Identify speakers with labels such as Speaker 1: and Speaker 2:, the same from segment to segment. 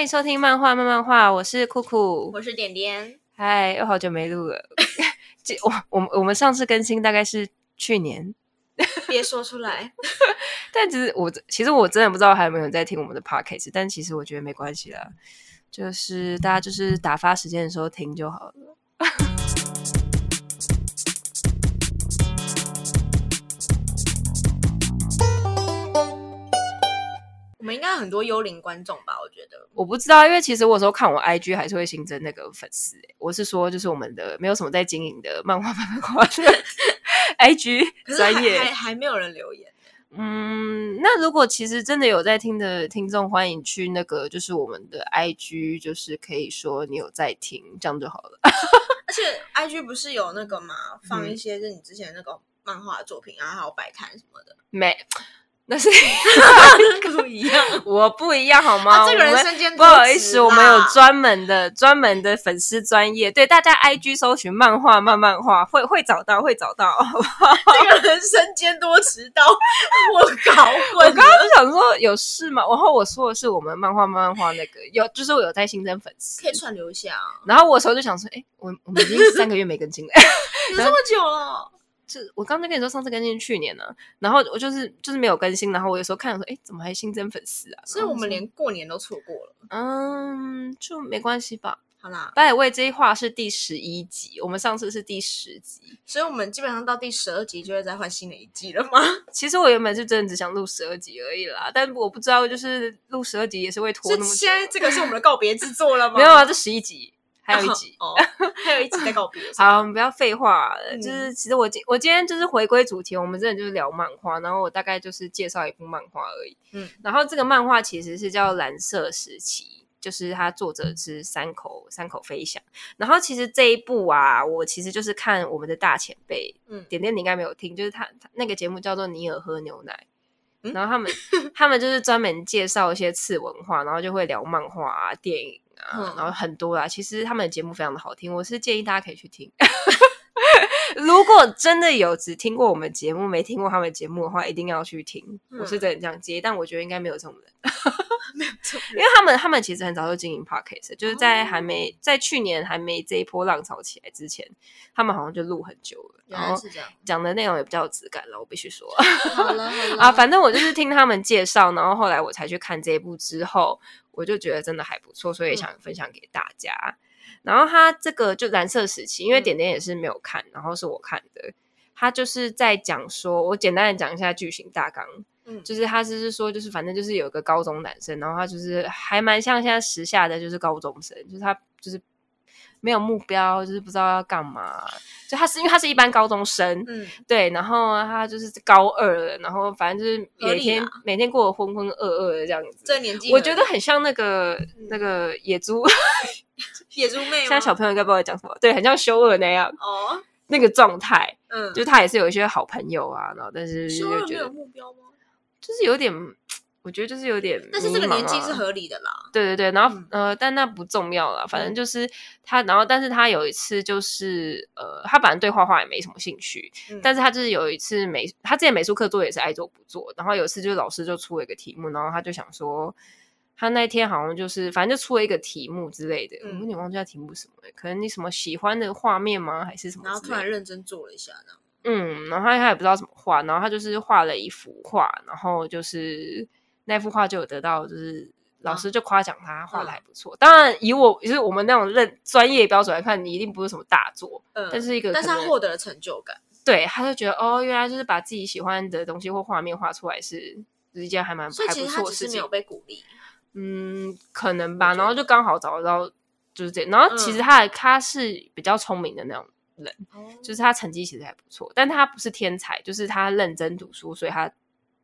Speaker 1: 歡迎收聽漫畫慢慢話，我是酷酷，我是點
Speaker 2: 點。
Speaker 1: 嗨，又好久沒錄了。 我、我、我們上次更新大概是去年，
Speaker 2: 別說出來。
Speaker 1: 但其實我其實我真的不知道還有沒有人在聽我們的 podcast，但其實我覺得沒關係啦,就是大家就是打發時間的時候聽就好了。
Speaker 2: 我們應該很多幽靈觀眾吧？我覺得
Speaker 1: 我不知道，因為其實我有時候看我 I G 還是會新增那個粉絲、欸。我是說，就是我們的沒有什麼在經營的漫畫版的 I G，專業還，還，
Speaker 2: 還沒有人留言、欸。
Speaker 1: 嗯，那如果其實真的有在聽的聽眾，歡迎去那個，就是我們的 I G，就是可以說你有在聽，這樣就好了。
Speaker 2: 而且 I G 不是有那個嗎？放一些就是你之前那個漫畫作品啊，嗯、還有擺攤什麼的，
Speaker 1: 沒。但 是不一樣， 我不一樣好嗎、啊？這個人身兼多職。不好意思，我們有專門的、專門的粉絲專業，對大家 I G 搜尋漫畫、漫漫畫，會會找到，會找到。這 個人身兼多職，到我搞混。 我剛剛就想說，有事嘛，然後我說的是我們漫畫、漫漫畫那個有，就是我有在新增粉絲，可以串流一下啊。然後我時候就想說，哎、欸，我們已經三個月沒更新了，有 這麼久了。是我剛才跟你說，上次更新去年呢、啊，然後我就是就是沒有更新，然後我有時候看到說，哎，怎麼還新增粉絲啊？所以我們連
Speaker 2: 過年都錯過
Speaker 1: 了，嗯，就沒關係吧？好
Speaker 2: 啦，百
Speaker 1: 味這一話是第十一集，我們上次是第十集，所以我們基本上到第十二集就會再換新的一季了嗎？其實我原本是真的只想錄十二集而已啦，但我不知道就是錄十二集也是會拖這麼久。現在這個是我們的
Speaker 2: 告別制作了嗎？ 沒有啊，這十一
Speaker 1: 集。還有一集，哦哦、 還有一集在告別。 好，我 們不要廢話了、嗯。就是其實我今我今天就是回歸主題，我們真的就是聊漫畫。然後我大概就是介紹一部漫畫而已。嗯，然後這個漫畫其實是叫《藍色時期》，就是它作者是山口、嗯、山口飛翔。然後其實這一部啊，我其實就是看我們的大前輩，嗯，點點你應該沒有聽，就是他他那個節目叫做《尼爾喝牛奶》，嗯、然後他們 他們就是專門介紹一些次文化，然後就會聊漫畫啊電影。啊、嗯，然後很多啦。其實他們的節目非常的好聽，我是建議大家可以去聽。 如果真的有只聽過我們節目沒聽過他們節目的話，一定要去聽。嗯、我是這樣接，但我覺得應該沒有這種人， 沒有錯，因為他們他們其實很早就經營 podcast，、嗯、就是在還沒在去年還沒這一波浪潮起來之前，他們好像就錄很久了。原來是這樣、然後講的內容也比較有質感了。我必須說， 好了、啊，反正我就是聽他們介紹，然後後來我才去看這一部之後。我就覺得真的還不錯，所以也想分享給大家。嗯。然後他這個就藍色時期，因為點點也是沒有看，嗯，然後是我看的。他就是在講說，我簡單的講一下劇情大綱。嗯，就是他就是說，就是反正就是有個高中男生，然後他就是還蠻像現在時下的，就是高中生，就是他就是。沒有目標，就是不知道要幹嘛、啊。就他是因為他是一般高中生，嗯，對，然後他就是高二了，然後反正就是每天、啊、每天過得渾渾噩噩的這樣子。這
Speaker 2: 年紀我覺得很
Speaker 1: 像那個、嗯、那個野豬，
Speaker 2: 野豬妹。
Speaker 1: 現在小朋友應該不知道講什麼，對，很像修二那樣哦，那個狀態。嗯，就他也是有一些好朋友啊，然後但是就覺得
Speaker 2: 沒有目
Speaker 1: 標嗎？就是有點。我覺得就是有點、啊，但是這個年紀是合理的啦。對對對，然後、嗯、呃，但那不重要啦，反正就是他、嗯，然後但是他有一次就是呃，他本來對畫畫也沒什麼興趣、嗯，但是他就是有一次美，他之前美術課做也是愛做不做，然後有一次就是老師就出了一個題目，然後他就想說，他那天好像就是反正就出了一個題目之類的，我有點忘記他題目什麼了，可能你什麼喜歡的畫面嗎？還是什麼？然後突然
Speaker 2: 認真做了一下呢，
Speaker 1: 然嗯，然後他也不知道怎麼畫，然後他就是畫了一幅畫，然後就是。那幅畫就有得到，就是老師就誇獎他畫的、啊、還不錯。當然以，以我就是我們那種認專業標準來看，你一定不是什麼大作，嗯，但是一個，但是他獲得
Speaker 2: 了成就感，
Speaker 1: 對，他就覺得哦，原來就是把自己喜歡的東西或畫面畫出來是一件還蠻不錯的事情。嗯，可能吧。然後就剛好找得到，就是這樣、個。然後其實他、嗯、他是比較聰明的那種人，嗯、就是他成績其實還不錯，但他不是天才，就是他認真讀書，所以他。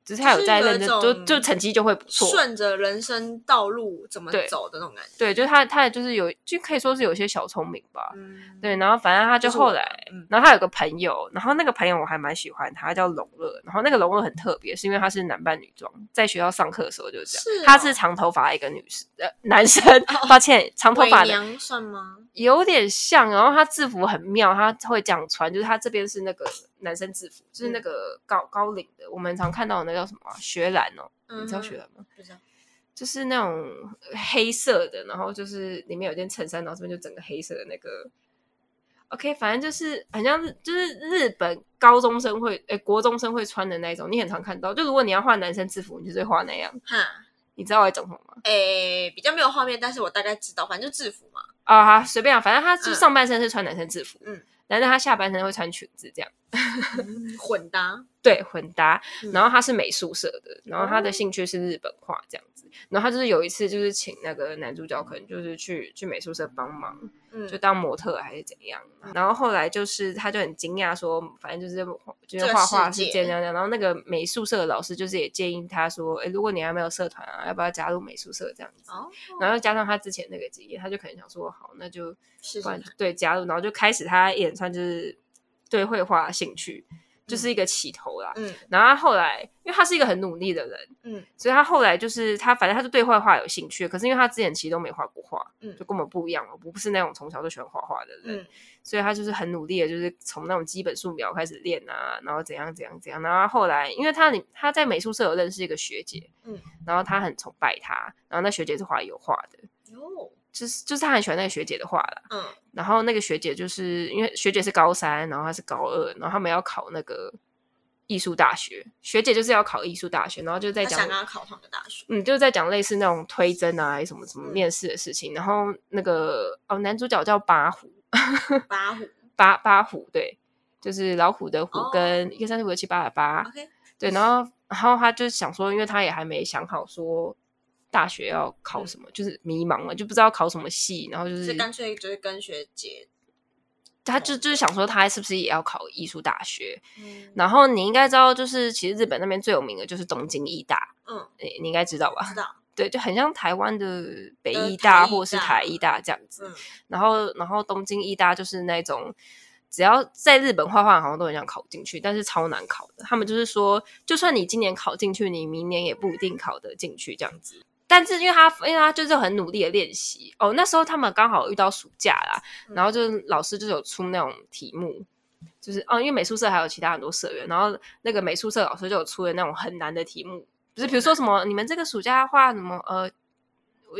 Speaker 1: 只、就是他有在認真，就就成績就會不錯。順
Speaker 2: 着人生道路怎麼走的那種感覺。
Speaker 1: 對，就是他，他也就是有，就可以說是有些小聰明吧、嗯。對。然後反正他就後來、就是嗯，然後他有個朋友，然後那個朋友我還蠻喜歡他，叫龍樂。然後那個龍樂很特別，是因為他是男扮女裝，在學校上課的時候就是這樣是、哦。他是長頭髮一個女生、呃，男生、哦、抱歉，長頭髮。偽娘算嗎？有點像。然後他制服很妙，他會這樣穿，就是他這邊是那個。男生制服，就是那個高、嗯、高領的，我們常看到的那個叫什麼、啊？學蘭哦、喔嗯，你知道學蘭嗎？不知道，就是那種黑色的，然後就是裡面有一件襯衫，然後這邊就整個黑色的那個。OK，反正就是好像是就是日本高中生會誒、欸、國中生會穿的那一種，你很常看到。就如果你要畫男生制服，你就會畫那樣。哈，你知道我在整什麼嗎？
Speaker 2: 誒、欸，比較沒有畫面，但是我大概知道，反正就制服嘛。
Speaker 1: 啊，哈，隨便啊，反正他就上半身是穿男生制服。嗯。嗯難道他下半身會穿裙子這樣、
Speaker 2: 嗯？混搭，
Speaker 1: 對，混搭、嗯。然後他是美術社的，然後他的興趣是日本畫這樣。哦然後他就是有一次，就是請那個男主角，可能就是去、嗯、去美術社幫忙、嗯，
Speaker 2: 就當模
Speaker 1: 特還是怎樣、嗯。然後後來就是，他就很驚訝說，反正就是就是畫畫是這樣這樣。這個、然後那個美術社的老師就是也建議他說誒，如果你還沒有社團啊，要不要加入美術社這樣子、哦？然後加上他之前那個職業，他就可能想說，好，那就，就對是加入。然後就開始他演算就是對繪畫興趣。就是一個起頭啦，嗯，然後他後來，因為他是一個很努力的人，嗯，所以他後來就是他，反正他是對畫畫有興趣，可是因為他之前其實都沒畫過畫，嗯，就根本不一樣，我不是那種從小就喜歡畫畫的人，嗯，所以他就是很努力的，就是從那種基本素描開始練啊，然後怎樣怎樣怎樣，然後後來，因為他他他在美術社有認識一個學姐，嗯，然後他很崇拜他，然後那學姐是畫油畫的，有，哦。就是就是他很喜歡那個學姐的話啦，嗯，然後那個學姐就是因為學姐是高三，然後他是高二，嗯，然後他們要考那個藝術大學，學姐就是要考藝術大學，然後就在講考上的大學，嗯，就是在講類似那種推甄啊，什麼什麼面試的事情，嗯，然後那個哦，男主角叫八虎，八虎八八虎，對，就是老虎的虎跟一二三四五六七八的八，對，然後然後他就想說，因為他也還沒想好說。大學要考什麼？嗯，就是迷茫了，就不知道考什麼系。然後就是乾
Speaker 2: 脆就是跟學姐，
Speaker 1: 他就就是想說，他是不是也要考藝術大學。嗯。然後你應該知道，就是其實日本那邊最有名的，就是東京藝大。嗯，欸，你應該知道吧？知道。對，就很像台灣的北藝大或是台藝大這樣子。嗯。然後，然後東京藝大就是那種，只要在日本畫畫，好像都很想考進去，但是超難考的。他們就是說，就算你今年考進去，你明年也不一定考得進去這樣子。嗯但是因為他，因為他就是很努力的練習哦。那時候他們剛好遇到暑假啦，然後就老師就有出那種題目，嗯、就是哦，因為美術社還有其他很多社員，然後那個美術社老師就有出的那種很難的題目，不、就是，比如說什麼你們這個暑假畫什麼呃，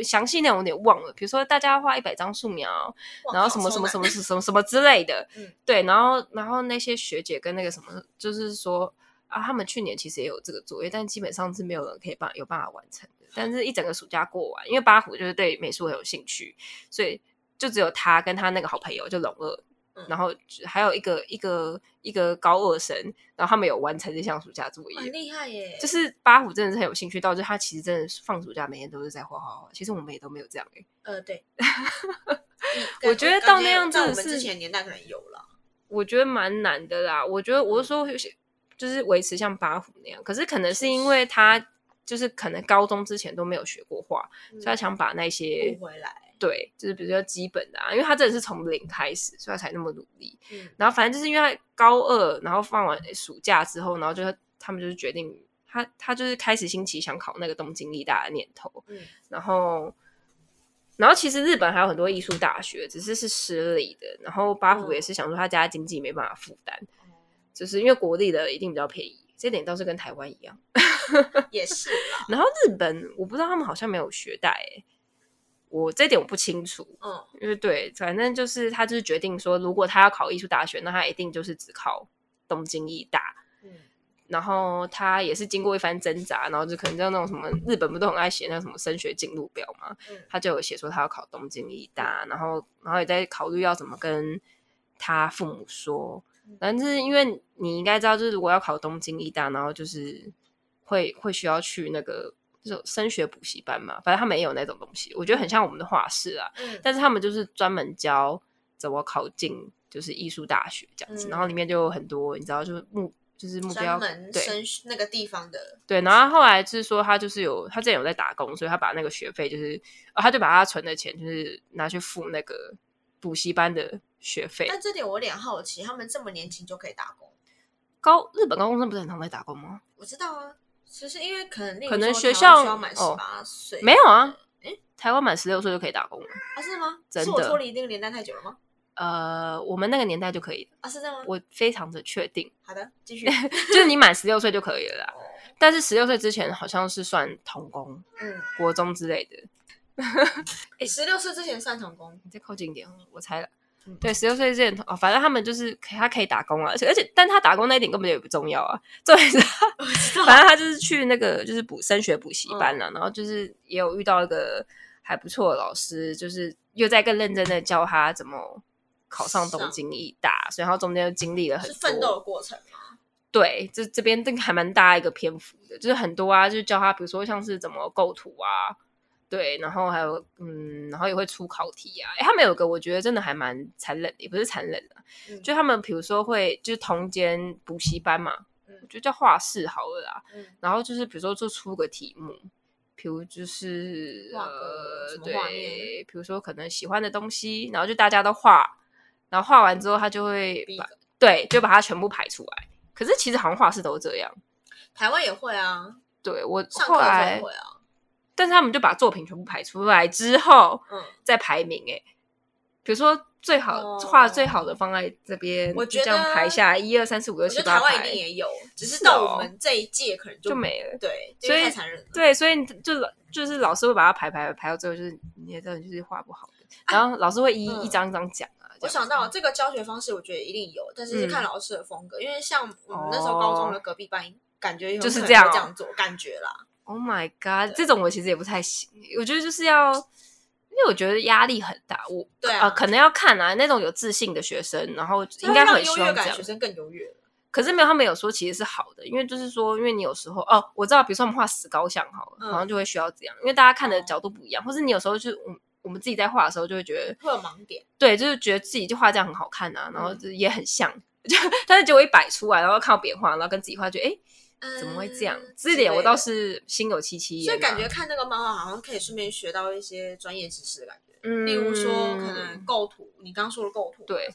Speaker 1: 詳細內容我有點忘了，比如說大家畫一百張素描，然後什麼什麼，什麼什麼什麼什麼什麼之類的，嗯、對，然後然後那些學姐跟那個什麼，就是說。啊，他們去年其實也有這個作業，但基本上是沒有人可以辦有辦法完成的。但是一整個暑假過完，因為八虎就是對美術很有興趣，所以就只有他跟他那個好朋友就龍二，嗯、然後還有一個一個一個高二生，然後他們有完成這項暑假作業。很厲
Speaker 2: 害耶！就是
Speaker 1: 八虎真的是很有興趣到，到就是、他其實真的放暑假每天都是在畫畫畫。其實我們也都沒有這樣哎。呃、嗯，
Speaker 2: 對。
Speaker 1: 我覺得到那樣子，我們之前年
Speaker 2: 代可能有了。
Speaker 1: 我覺得蠻難的啦。我覺得我說有些。嗯就是維持像八虎那樣，可是可能是因為他就是可能高中之前都沒有學過畫，嗯，所以他想把那些補回來，對，就是比較基本的，啊，因為他真的是從零開始，所以他才那麼努力。嗯，然後反正就是因為他高二，然後放完暑假之後，然後就他們就是決定他他就是開始興起想考那個東京藝大的念頭。嗯，然後然後其實日本還有很多藝術大學，只是是私立的。然後八虎也是想說他家經濟沒辦法負擔。嗯就是因為國立的一定比較便宜，這點倒是跟台灣一樣。 也是。然後日本我不知道他們好像沒有學貸、欸、我這點我不清楚。嗯，因為對，反正就是他就是決定說，如果他要考藝術大學，那他一定就是只考東京藝大。嗯。然後他也是經過一番掙扎，然後就可能像那種什麼日本不都很愛寫那什麼升學進路表嘛、嗯，他就有寫說他要考東京藝大，然後然後也在考慮要怎麼跟他父母說。反正就是因為你應該知道，就是如果要考東京藝大，然後就是會會需要去那個就是升學補習班嘛。反正他們也有那種東西，我覺得很像我們的畫室啊、嗯。但是他們就是專門教怎麼考進就是藝術大學這樣子。嗯、然後裡面就有很多你知道就是目，就是目就是目標，對
Speaker 2: 那個地方的
Speaker 1: 對。然後後來就是說他就是有他之前有在打工，所以他把那個學費就是、哦，他就把他存的錢就是拿去付那個補習班的。學費？那這點
Speaker 2: 我有點好奇，他們這麼年輕就可以打工？
Speaker 1: 高，日本高中生不是很常在打工嗎？我知道啊，
Speaker 2: 只是因為可能需要可能學校滿十八歲、哦、沒有啊，誒、嗯、
Speaker 1: 台灣滿十六歲就可以打工了啊？是嗎？
Speaker 2: 真的？是我脫離那個年代太久了嗎？
Speaker 1: 呃，我們那個年代就可以啊？是這樣嗎？我非常的確定。好的，
Speaker 2: 繼續。 就
Speaker 1: 是你滿十六歲就可以了啦、哦，但是十六歲之前好像是算童工，嗯，國中之類的。
Speaker 2: 哎、 欸，十六歲之前算童工？你
Speaker 1: 再靠近一點，我猜了。對，十六歲之前啊、哦，反正他們就是可他可以打工啊，而且而且，但他打工那一點根本也不重要啊。對，反正他就是去那個就是補升學補習班了、啊嗯，然後就是也有遇到一個還不錯的老師，就是又在更認真的教他怎麼考上東京藝大、啊，所以然後中間經歷了很奮鬥的過程。對，就這這邊這個還蠻大一個篇幅的，就是很多啊，就教他比如說像是怎麼構圖啊。對，然後還有，嗯，然後也會出考題啊。誒，他們有個我覺得真的還蠻殘忍的，也不是殘忍的，嗯、就他們比如說會就是同間補習班嘛，嗯、就叫畫室好了啦、嗯。然後就是比如說就出個題目，比如就是呃，對，比如說可能喜歡的東西，然後就大家都畫，然後畫完之後他就會把、嗯、對就把它全部排出來。可是其實好像畫室都這樣，
Speaker 2: 台灣也會啊。
Speaker 1: 對，我後來上課就會啊但是他們就把作品全部排出來之後，嗯，再排名哎、欸，比如說最好畫、哦、最好的放在這邊，我就這樣排下來一二三四五六。我覺得台灣一定也
Speaker 2: 有、哦，只是到我們這一屆可能就，就沒了。對，所以太殘忍了。
Speaker 1: 對，所以就是就是老師會把它排，排排排到最後，就是你也知道你就是畫不好、哎、然後老師會一、嗯、一張一張講啊。
Speaker 2: 我想到這個教學方式，我覺得一定有，但是，是看老師的風格、嗯，因為像我們那時候高中的隔壁班，哦、感覺，有感覺就是這樣這樣
Speaker 1: 做，感覺啦。Oh my god！這種我其實也不太行。我覺得就是要，因為我覺得壓力很大。我對啊、呃，可能要看啊，那種有自信的學生，然後應該很希望這樣。這學生更優越了。可是沒有他們有說其實是好的，因為就是說，因為你有時候哦，我知道，比如說我們畫石膏像好了，然、嗯、後就會需要這樣，因為大家看的角度不一樣，哦、或是你有時候就我我們自己在畫的時候就會覺得會有盲點，對，就是覺得自己就畫這樣很好看啊，然後也很像，就、嗯、 但是結果一擺出來，然後看到別人畫，然後跟自己畫就，就、欸、誒。怎麼會這樣？這、嗯、點我倒是心有戚戚、啊，所以感覺看
Speaker 2: 那個漫畫好像可以順便學到一些專業知識的感
Speaker 1: 覺，嗯，例如說可
Speaker 2: 能構圖，嗯、你剛說的構圖對。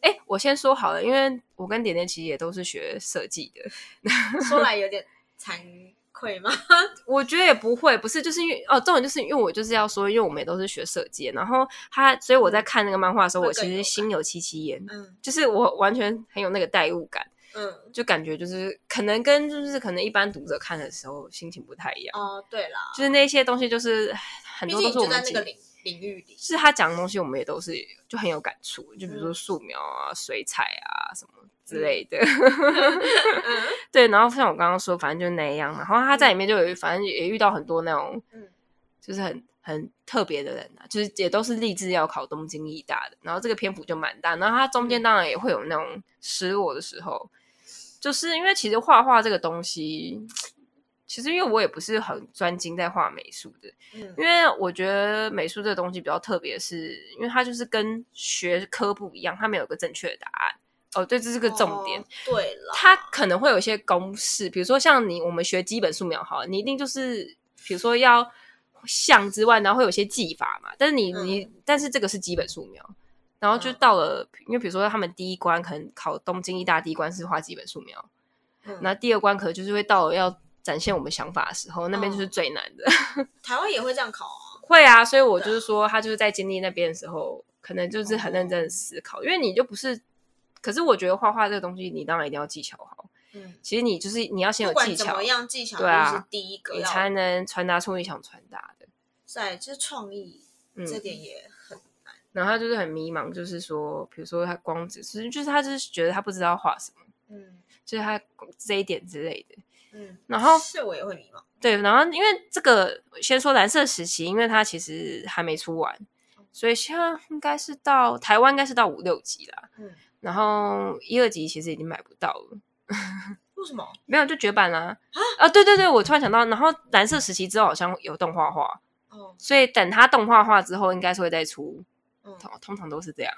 Speaker 1: 哎、欸，我先說好了，因為我跟點點其實也都是學設計的，嗯、 說
Speaker 2: 來有點慚愧嗎？
Speaker 1: 我覺得也不會，不是，就是因為哦，重點就是因為我就是要說，因為我們也都是學設計，然後他，所以我在看那個漫畫的時候、嗯，我其實心有戚戚焉，嗯，就是我完全很有那個代入感。嗯，就感覺就是可能跟就是可能一般讀者看的時候心情不太一樣哦、呃，對啦，就是那些東西就是很多都是我們經個領領域裡是他講的東西，我們也都是就很有感觸，就比如說素描啊、水彩啊什麼之類的、嗯 嗯，對。然後像我剛剛說，反正就那樣嘛。然後他在裡面就有，嗯、反正也遇到很多那種就是很很特別的人啊，就是也都是立志要考東京藝大的。然後這個篇幅就蠻大，然後他中間當然也會有那種失落的時候。就是因為其實畫畫這個東西，其實因為我也不是很專精在畫美術的、嗯，因為我覺得美術這個東西比較特別，是因為它就是跟學科不一樣，它沒有一個正確的答案。哦，對，這是個重點。
Speaker 2: 哦、對了，它
Speaker 1: 可能會有一些公式，比如說像你我們學基本素描哈，你一定就是比如說要像之外然後會有些技法嘛。但是你你、嗯，但是這個是基本素描。然後就到了、嗯，因為比如說他們第一關可能考東京藝大，第一關是畫基本素描，那、嗯、第二關可能就是會到了要展現我們想法的時候，哦、那邊就是最難的。
Speaker 2: 台灣也會這樣考啊、
Speaker 1: 哦？會啊，所以我就是說他就是在經歷那邊的時候，可能就是很認真的思考、哦，因為你就不是。可是我覺得畫畫這個東西，你當然一定要技巧好。嗯。其實你就是你要先有技巧，一樣技巧就是對啊，第一個你才能傳達出你想傳達的。
Speaker 2: 對，就是創意這
Speaker 1: 點也。嗯然後他就是很迷茫，就是說，比如說他光子，就是他就是覺得他不知道畫什麼，嗯，就是他這一點之類的，
Speaker 2: 嗯。然後是我也會迷
Speaker 1: 茫。對，然後因為這個先說藍色時期，因為它其實還沒出完，所以像應該是到台灣應該是到五六集啦，嗯。然後一二集其實已經買不到了，為什麼？ 沒有就絕版啦啊啊！對對對，我突然想到，然後藍色時期之後好像有動畫化哦，所以等它動畫化之後應該是會再出。通通常都是這樣，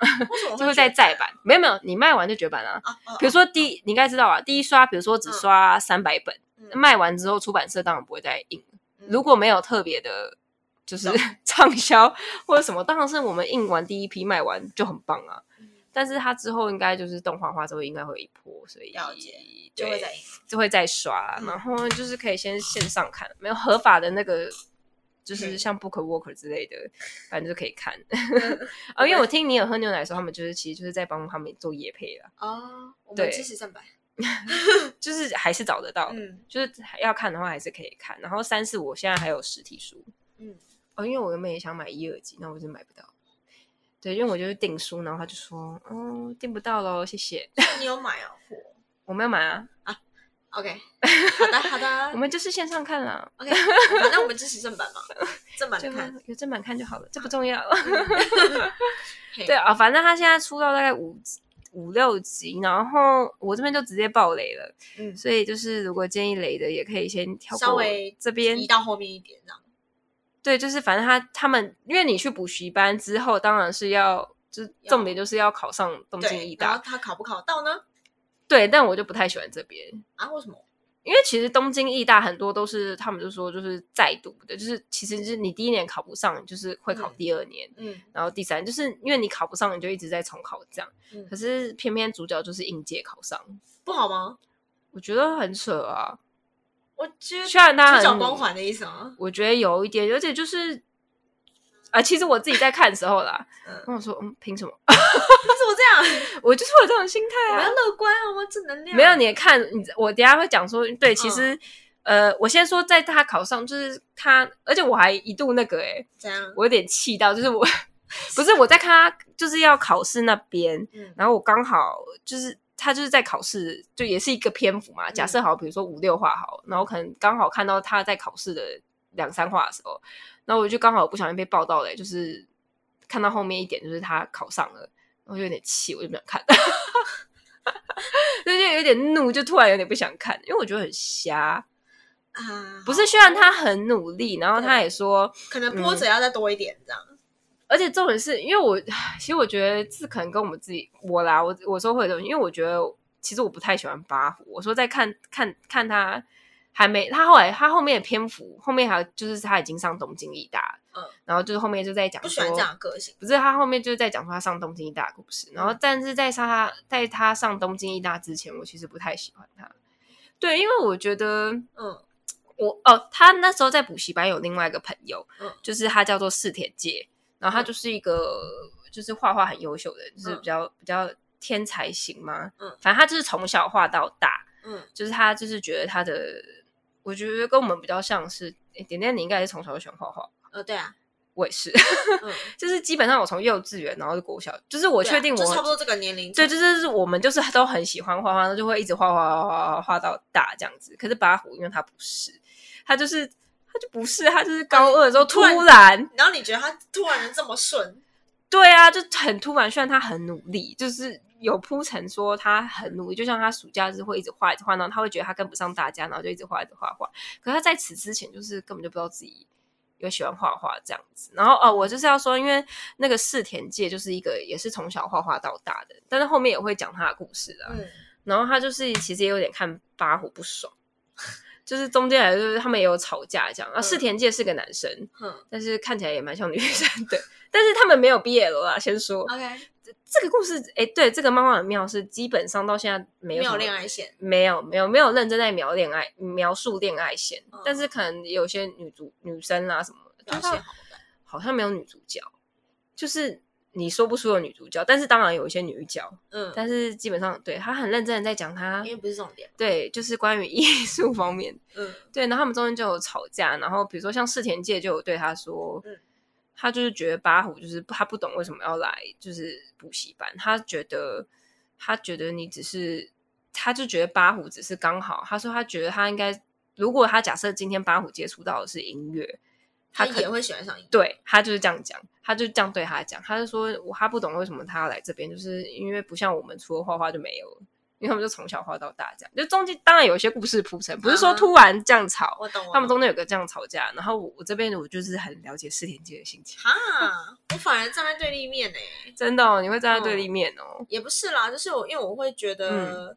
Speaker 1: 會 就會再再版。沒有沒有，你賣完就絕版了，啊啊啊。比如說第，啊，你應該知道啊，第一刷，比如說只刷三百本，嗯，賣完之後，出版社當然不會再印。嗯，如果沒有特別的，就是暢銷、嗯、或者什麼，當然是我們印完第一批賣完就很棒啊。嗯，但是它之後應該就是動畫化之後應該會一波，所以就會再就會再刷，嗯。然後就是可以先線上看，沒有合法的那個。就是像 book walker 之類的，反正就可以看 哦，因為我聽你有喝牛奶的時候，他們就是其實就是在幫他們做業配了
Speaker 2: 啊。Oh, 對，支持正版，
Speaker 1: 就是還是找得到、 嗯，就是要看的話還是可以看。然後三四，我現在還有實體書，嗯，哦，因為我原本也想買一二集，那我就買不到。對，因為我就是訂書，然後他就說，哦，訂不到咯。謝謝。
Speaker 2: 你有買啊？
Speaker 1: 我沒有買啊。Ah.
Speaker 2: OK，好的好的，啊， 我
Speaker 1: 們就是線上看了。OK，反
Speaker 2: 正我們支持正版嘛， 正版看
Speaker 1: 有正版看就好了，好這不重要。 hey. 對啊，反正他現在出到大概五五六集，然後我這邊就直接爆雷了。嗯，所以就是如果建議雷的也可以先跳，稍微
Speaker 2: 這邊移到後面一點，這樣。
Speaker 1: 對，就是反正他他們，因為你去補習班之後，當然是要，就重點就是要考上東京藝大。對，然後他考不考到呢？對，但我就不太喜歡這邊。
Speaker 2: 啊？為
Speaker 1: 什麼？因為其實東京藝大很多都是他們就說就是再讀的，就是其實是你第一年考不上，就是會考第二年，嗯，嗯，然後第三，就是因為你考不上，你就一直在重考這樣。嗯，可是偏偏主角就是應屆考上，不好嗎？我覺得很扯啊！
Speaker 2: 我覺得雖然他找光環的意思嗎，
Speaker 1: 我覺得有一點，而且就是。啊，其實我自己在看的時候啦，跟、 嗯、我說，嗯，憑什麼？為 什麼這樣？我就是有這種心態、啊，我要樂
Speaker 2: 觀、啊，我正能量。沒有，你
Speaker 1: 看，你我等一下會講說，對，其實，嗯、呃，我先說，在他考上，就是他，而且我還一度那個、欸，誒我有點氣到，就是我，不是我在看他，就是要考試那邊、嗯，然後我剛好就是他就是在考試，就也是一個篇幅嘛，假設好，比如說五六話好，然後可能剛好看到他在考試的。兩三話的時候，然後我就剛好不小心被報道嘞，就是看到後面一點，就是他考上了，我就有點氣，我就不想看，就 就有點怒，就突然有點不想看，因為我覺得很瞎啊，不是，雖然他很努力，然後他也說可能波折要再多一點、嗯、這樣，而且重點是因為我，其實我覺得這可能跟我們自己我啦，我我說會的，因為我覺得其實我不太喜歡八虎，我說再看看看他。還沒，他後來他後面的篇幅，後面還有就是他已經上東京藝大，嗯，然後就是後面就在講說不喜歡這樣的個性，不是他後面就是在講說他上東京藝大的故事、嗯，然後但是在上他在、嗯、他上東京藝大之前，我其實不太喜歡他，對，因為我覺得，嗯，我哦，他那時候在補習班有另外一個朋友，嗯，就是他叫做四田界世田介，然後他就是一個、嗯、就是畫畫很優秀的，就是比較、嗯、比較天才型嘛，嗯，反正他就是從小畫到大，嗯，就是他就是覺得他的。我覺得跟我們比較像是、欸、點點，你應該是從小就喜歡畫畫。呃，對啊，我也是， 嗯、就是基本上我從幼稚園然後就國小，就是我確定我、啊、就差不多
Speaker 2: 這個年齡，對，
Speaker 1: 就是是我們就是都很喜歡畫畫，那就會一直畫畫畫畫畫到大這樣子。可是八虎因為他不是，他就是，是他就不是，他就是高二的時候突然，突然，然
Speaker 2: 後你覺得他突然能這麼
Speaker 1: 順？對啊，就很突然。雖然他很努力，就是有鋪陳說他很努力，就像他暑假是會一直畫一直畫，然後他會覺得他跟不上大家，然後就一直畫一直畫畫。可是他在此之前，就是根本就不知道自己有喜歡畫畫這樣子。然後哦，我就是要說，因為那個世田介就是一個也是從小畫畫到大的，但是後面也會講他的故事啊、嗯。然後他就是其實也有點看八虎不爽。 就是中間，就是他們也有吵架這樣、嗯、啊。世田介是個男生，嗯，但是看起來也蠻像女生的，對、嗯。但是他們沒有 BL 啊，先說。OK，這個故事，哎、欸，對，這個漫畫的妙，是基本上到現在沒有。沒有戀愛線，沒有，沒有，沒有認真在描戀愛，描述戀愛線、嗯，但是可能有些女主女生啊什麼，的，好像好像沒有女主角，就是。你說不出的女主角，但是當然有一些女角，嗯，但是基本上對她很認真的在講他，她因為不是重點，對，就是關於藝術方面，嗯，對，然後他們中間就有吵架，然後比如說像世田介就有對他說，嗯，他就是覺得八虎就是他不懂為什麼要來就是補習班，他覺得他覺得你只是，他就覺得八虎只是剛好，他說他覺得他應該，如果他假設今天八虎接觸到的是音樂，他，可他也會喜歡上音樂，對他就是這樣講。他就這樣對他講，他就說：“我他不懂為什麼他要來這邊，就是因為不像我們除了畫畫就沒有，因為他們就從小畫到大這樣。就中間當然有些故事鋪陳，不是說突然這樣吵。我、啊、懂。他們中間有，有個這樣吵架，然後我，我這邊我就是很了解世田介的心情。哈，
Speaker 2: 我反而站在對立面呢、
Speaker 1: 欸。真的、哦，你會站在對立面哦。嗯、
Speaker 2: 也不是啦，就是我因為我會覺得。嗯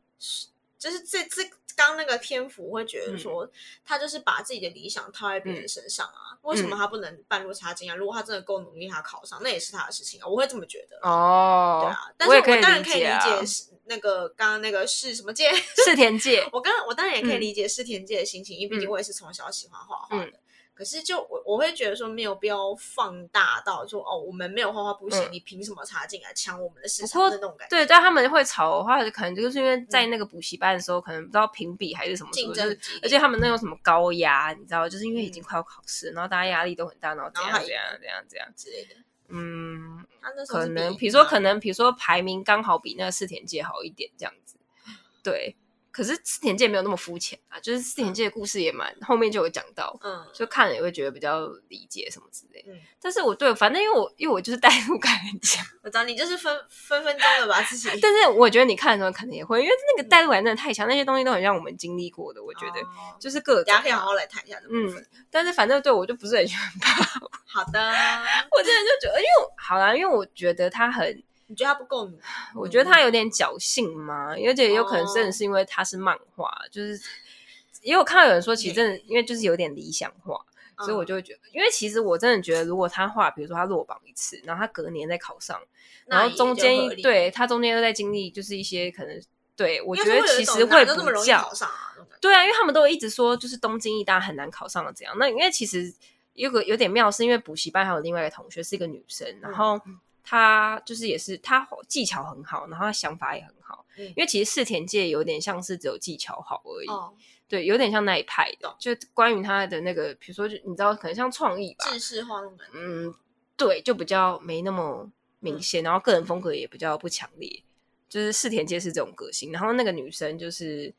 Speaker 2: 就是這這剛那個篇幅我會覺得說，他就是把自己的理想套在別人身上啊、嗯，為什麼他不能半路插進啊、嗯？如果他真的夠努力，他考上那也是他的事情啊，我會這麼覺得。
Speaker 1: 哦，對啊，但是我當然可以理解是、啊、
Speaker 2: 那個剛剛那個世什麼介，世田介。 我剛剛我當然也可以理解世田介的心情，因為畢竟我也是從小喜歡畫畫的。嗯可是就我我會覺得說沒有必要放大到說哦，我們沒有畫畫補習，你憑什麼插進來搶我們的
Speaker 1: 市場那種感覺？對，但他們會吵的話，就可能就是因為在那個補習班的時候、嗯，可能不知道評比還是什麼，就是而且他們那種什麼高壓，你知道，就是因為已經快要考試、嗯，然後大家壓力都很大，然後怎樣怎樣怎樣怎樣之類的。嗯，可能比如說可能比如說排名剛好比那個世田介好一點這樣子，對。 可是世田介沒有那麼膚淺啊，就是世田介的故事也蠻、嗯，後面就有講到，嗯，就看了也會覺得比較理解什麼之類。嗯，但是我對我，反正因為我因為我就是代入感很強。
Speaker 2: 我知道你就是分分分鐘的把自己。
Speaker 1: 但是我覺得你看的時候可能也會，因為那個代入感真的太強，那些東西都很像我們經歷過的。我覺得、哦、就是大家可以好好來談一下。嗯，但是反正對我，我就不是很喜歡。
Speaker 2: 好的，
Speaker 1: 我真的就覺得，因為好啦，因為我覺得他很。你覺得他不夠努、嗯、我覺得他有點僥倖嘛，而且有可能真的是因為他是漫畫，oh. 就是因為我看到有人說，其實真的、yeah. 因為就是有點理想化，uh. 所以我就會覺得，因為其實我真的覺得，如果他畫，比如說他落榜一次，然後他隔年再考上，然後中間對他中間又在經歷，就是一些可能對是是我覺得其實會比較，容易考上啊 okay. 對啊，因為他們都一直說就是東京藝大很難考上了這樣，那因為其實有個有點妙是因為補習班還有另外一個同學是一個女生，然後。嗯他就是也是他技巧很好，然後他想法也很好，嗯、因為其實世田介有點像是只有技巧好而已，哦、對，有點像那一派的。哦、就關於他的那個，比如說，你知道，可能像創意吧，制式化那種，嗯，對，就比較沒那麼明顯、嗯，然後個人風格也比較不強烈。就是世田介是這種個性，然後那個女生就是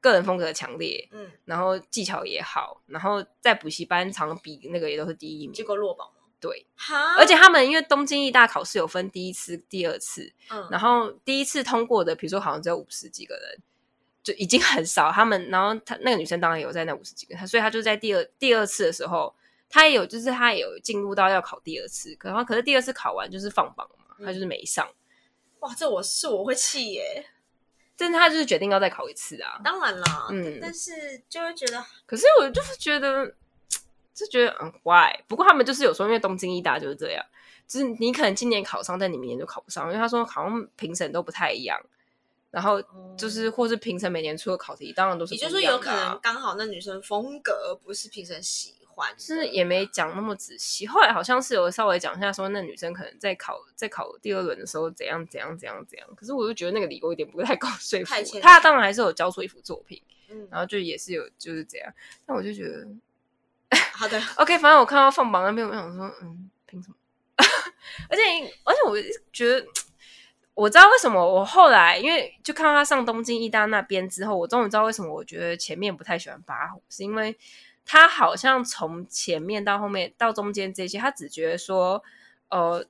Speaker 1: 個人風格強烈，嗯，然後技巧也好，然後在補習班常比那個也都是第一名，結果落榜。對，huh? 而且他們因為東京藝大考試有分第一次、第二次，嗯，然後第一次通過的，比如說好像只有五十幾個人，就已經很少。他們，然後他那個女生當然有在那五十幾個他，所以她就在第二第二次的時候，她也有就是她也有進入到要考第二次，可，然後可是第二次考完就是放榜嘛，她、嗯、就是沒上。
Speaker 2: 哇，這我是我會氣耶、
Speaker 1: 欸！但是她就是決定要再考一次啊，
Speaker 2: 當然啦，嗯，但是就會覺得，
Speaker 1: 可是我就是覺得。就覺得很怪，嗯 why? 不過他們就是有時候因為東京藝大就是這樣，就是你可能今年考上，但你明年就考不上，因為他說好像評審都不太一樣，然後就是、嗯、或是評審每年出的考題當然都是、啊，也就是有可能
Speaker 2: 剛好那女生風格不是評審喜歡、
Speaker 1: 啊，是也沒講那麼仔細。後來好像是有稍微講一下，說那女生可能在考在考第二輪的時候怎樣怎樣怎樣怎樣，可是我就覺得那個理由有點不太夠說服，他當然還是有交出一幅作品，嗯、然後就也是有就是這樣，那我就覺得。嗯。好的，OK，反正我看到放榜那邊，我想說，嗯，憑什麼？ 而且，而且，我覺得，我知道為什麼。我後來因為就看到他上東京藝大那邊之後，我終於知道為什麼。我覺得前面不太喜歡八虎，是因為他好像從前面到後面到中間這些，他只覺得說，呃。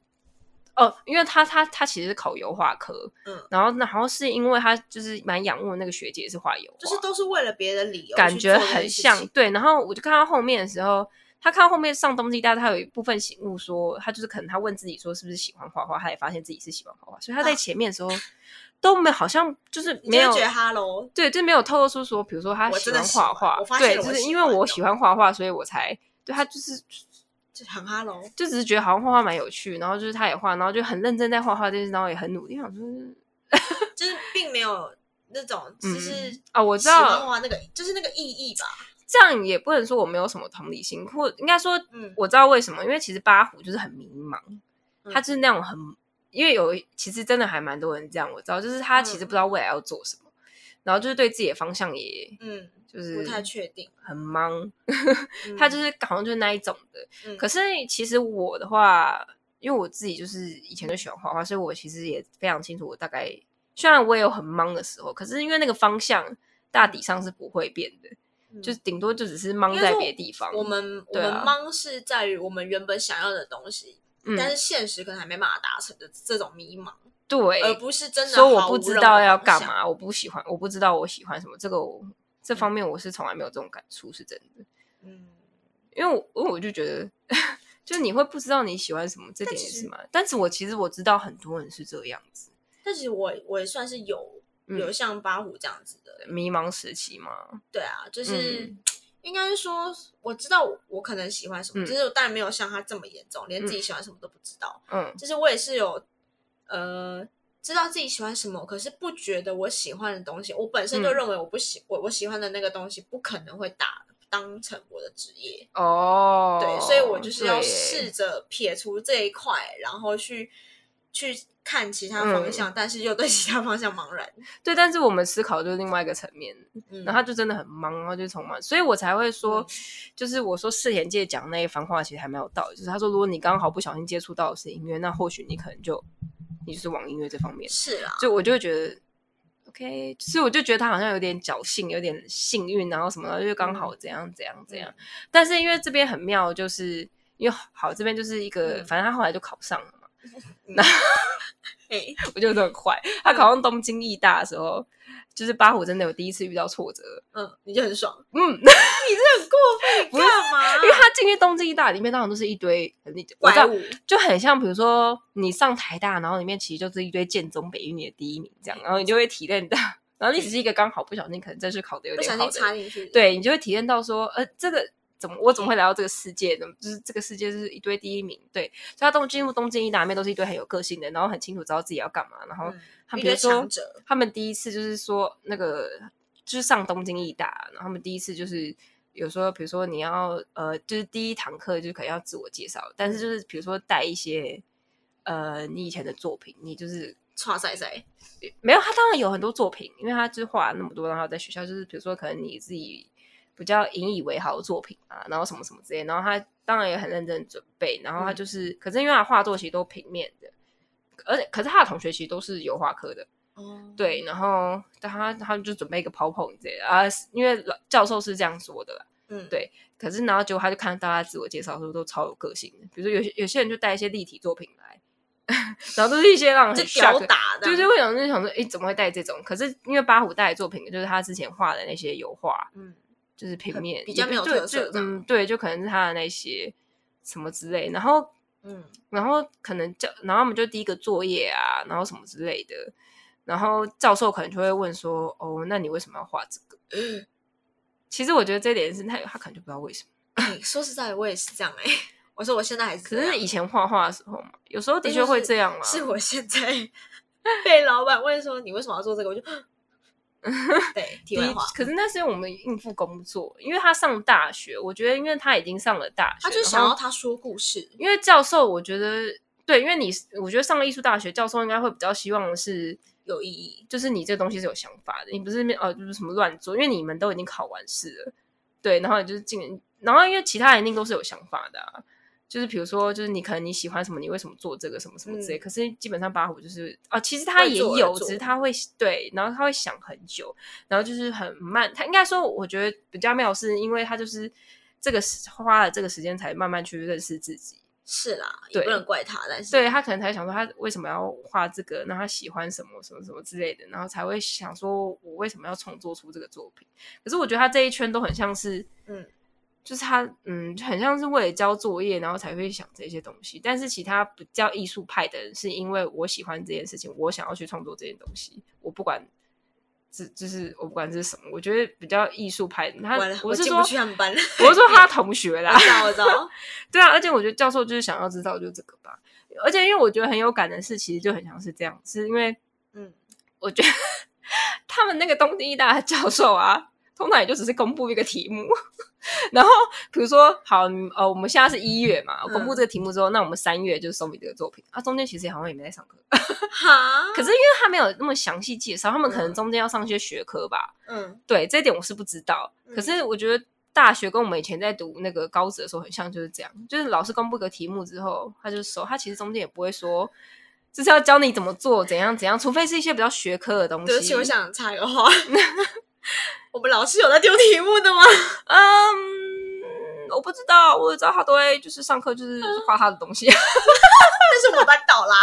Speaker 1: 哦，因為他他他其實是考油畫科，嗯，然後然後是因為他就是蠻仰慕那個學姐是畫油畫就
Speaker 2: 是都是為了別的理由，感覺很像
Speaker 1: 對。然後我就看到後面的時候，他看到後面上東西，但是他有一部分醒悟，說他就是可能他問自己說是不是喜歡畫畫，他也發現自己是喜歡畫畫，所以他在前面的時候、啊、都沒好像就是沒有，哈嘍，對，就沒有透露出說，比如說他喜歡畫畫，對，就是因為我喜歡畫畫，所以我才對他就是。
Speaker 2: 很 hello，
Speaker 1: 就只是覺得好像畫畫蠻有趣，然後就是他也畫，然後就很認真在畫畫這件事，然後也很努力，就是 就
Speaker 2: 是並沒有那種就是啊、那個嗯哦，我知道那個就是那個意義吧。
Speaker 1: 這樣也不能說我沒有什麼同理心，或應該說我知道為什麼，嗯、因為其實八虎就是很迷茫，嗯、他就是那種很因為有其實真的還蠻多人這樣，我知道，就是他其實不知道未來要做什麼，嗯、然後就是對自己的方向也嗯。就是不太確定，很茫，他、嗯、就是好像就是那一種的、嗯。可是其實我的話，因為我自己就是以前就喜歡畫畫，所以我其實也非常清楚，我大概雖然我也有很茫的時候，可是因為那個方向大抵上是不會變的，嗯、就是頂多就只是茫在別的地方。我們、啊、我們茫
Speaker 2: 是在於我們原本想要的東西、嗯，但是現實可能還沒辦法達成的這種迷茫，對，而不是真的說我不知道要幹嘛，
Speaker 1: 我不喜歡，我不知道我喜歡什麼這個。我。這方面我是從來沒有這種感觸，是真的。嗯，因為我，我就覺得， 就是你會不知道你喜歡什麼，這點也是嘛。但是，我其實我知道很多人是這樣子。
Speaker 2: 但是我，我也算是有有像八虎這樣子的、嗯、
Speaker 1: 迷茫時期嘛。
Speaker 2: 對啊，就是、嗯、應該是說，我知道我，我可能喜歡什麼，就、嗯、是當然沒有像他這麼嚴重，連自己喜歡什麼都不知道。嗯，就是我也是有，呃。知道自己喜歡什麼，可是不覺得我喜歡的東西，我本身就認為我不喜、嗯、我我喜歡的那個東西不可能會打當成我的職業
Speaker 1: 哦。對，所以我就是要試
Speaker 2: 着撇除這一塊，然後去去看其他方向、嗯，但是又對其他方向茫然。
Speaker 1: 對，但是我們思考就是另外一個層面，嗯、然後他就真的很茫，然後就從滿，所以我才會說，就是我說世田姐講那一番話其實還蠻有道理。就是他說，如果你剛好不小心接觸到的是音樂，那或許你可能就。你就是往音樂這方面，是啊，就我就會覺得，OK，所以我就覺得他好像有點僥倖，有點幸運，然後什麼的，就剛好怎樣怎樣怎樣。嗯、但是因為這邊很妙，就是因為好這邊就是一個，反正他後來就考上了嘛。嗯 哎、欸， 我覺得很壞。他考上東京藝大的時候，嗯、就是八虎真的有第一次遇到挫折。嗯，你就很爽。嗯， 你是很過分，要 嘛？因為他進去東京藝大裡面，當然都是一堆你怪物我，就很像比如說你上台大，然後裡面其實就是一堆建中北一女的第一名這樣，嗯、然後你就會體驗到，然後你只是一個剛好不小心可能這次考的有點差進去，對你就會體驗到說，呃，這個。怎麼我怎麼會來到這個世界呢？就是這個世界就是一堆第一名，對，所以他都進入東京藝大面都是一堆很有個性的，然後很清楚知道自己要幹嘛，然後他們、嗯、比如說他們第一次就是說那個就是上東京藝大，然後他們第一次就是有時候比如說你要呃就是第一堂課就可能要自我介紹，但是就是比如說帶一些呃你以前的作品，你就是插塞塞沒有？他當然有很多作品，因為他就是畫那麼多，然後在學校就是比如說可能你自己。比較引以為豪的作品啊，然後什麼什麼之類的，然後他當然也很認真準備，然後他就是，嗯、可是因為他畫作其實都平面的，而且可是他的同學其實都是油畫科的、嗯，對，然後但他他就準備一個泡泡之 e 啊，因為教授是這樣說的嗯，對，可是然後結果他就看大家自我介紹候都超有個性的，比如說有些有些人就帶一些立體作品來， 然後都是一些讓人很表打，就是為什麼就想說，哎、欸，怎麼會帶這種？可是因為八虎帶的作品就是他之前畫的那些油畫，嗯。就是平面，比較沒有特色。嗯，對，就可能是他的那些什麼之類，然後，
Speaker 2: 嗯，
Speaker 1: 然後可能教，然後我們就第一個作業啊，然後什麼之類的，然後教授可能就會問說：“哦，那你為什麼要畫這個？”嗯，其實我覺得這點是他，他可能就不知道為什麼。欸、說實在，我也是這樣哎、欸。我說我現在還是這樣，可是以前畫畫的時候嘛，有
Speaker 2: 時候的確會這樣嘛、啊就是。是我現在被老板問說你為什麼要做這個，我就。
Speaker 1: 對，題外話。可是那是因為我們應付工作，因為他上大學，我覺得因為他已經上了大學，他就想要他說故事。因為教授，我覺得對，因為你我覺得上了藝術大學，教授應該會比較希望是有意義，就是你這東西是有想法的，你不是哦、呃，就是什麼亂做。因為你們都已經考完試了，對，然後你就是進，然後因為其他人一定都是有想法的、啊。就是比如說，就是你可能你喜歡什麼，你為什麼做這個什麼什麼之類。嗯、可是基本上八虎就是，哦、啊，其實他也有，做做只是他會對，然後他會想很久，然後就是很慢。他應該說，我覺得比較妙是因為他就是這個花了這個時間才慢慢去認識自己。
Speaker 2: 是啦，也不能怪他，但是，對他
Speaker 1: 可能才想說他為什麼要畫這個，那他喜歡什麼什麼什麼之類的，然後才會想說我為什麼要重做出這個作品。可是我覺得他這一圈都很像是，嗯。就是他，嗯，很像是為了交作業，然後才會想這些東西。但是其他比較藝術派的人，是因為我喜歡這件事情，我想要去創作這些東西，我不管是，是就是我不管是什麼，我覺得比較藝術派。他我是說
Speaker 2: 我，我是說
Speaker 1: 他同學啦，我知道。知道 對啊，而且我覺得教授就是想要知道就這個吧。而且因為我覺得很有感的事，其實就很像是這樣，是因為嗯，我覺得、嗯、 他們那個東京藝大的教授啊。通常也就只是公布一個題目，然後比如說，好，呃、哦，我們現在是一月嘛、嗯，公布這個題目之後，那我們三月就是收筆這個作品。啊，中間其實好像也沒在上課，好，可是因為他沒有那麼詳細介紹，他們可能中間要上一些學科吧。嗯，對，這一點我是不知道。可是我覺得大學跟我們以前在讀那個高職的時候很像，就是這樣，就是老師公布個題目之後，他就說他其實中間也不會說這、就是要教你怎麼做怎樣怎樣，除非是一些比較學科的東西。而且我想插個話。 我們老師有在丟題目的嗎？嗯，我不知道，我知道他都會就是上課就是畫他的東西，但、嗯、 是我班導啦。